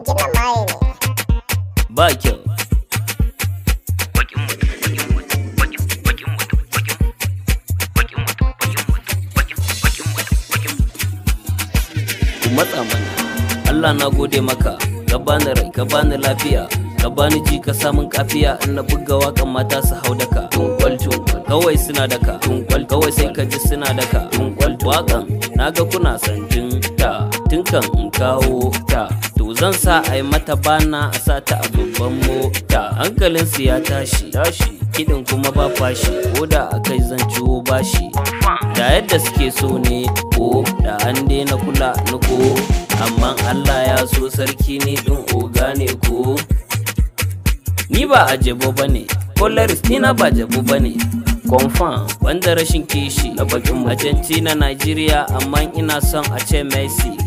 gina maye ne ba matsa mana Allah na gode maka ka bani rai ka bani lafiya ka bani ji ka samun kafiya in na buga wakan mata su hau daka tunkwal tunkwal kawai suna daka tunkwal kawai sai ka ji suna daka tunkwal na ga kuna sanjin ta tunkan in kawo ta zan sa a yi mata bana a sa ta a babban mota Hankalin su ya tashi tashi kiɗin kuma ba fashi ko da a kai zan ciwo bashi da yadda suke so ne ko da an daina kula ni ko amma allah ya so sarki ne don oga ne ko ni ba a jabo ba ne polaris ni ba jabo ba ne confirm wanda rashin kishi na bakin na Najeriya, amma ina son a ce messi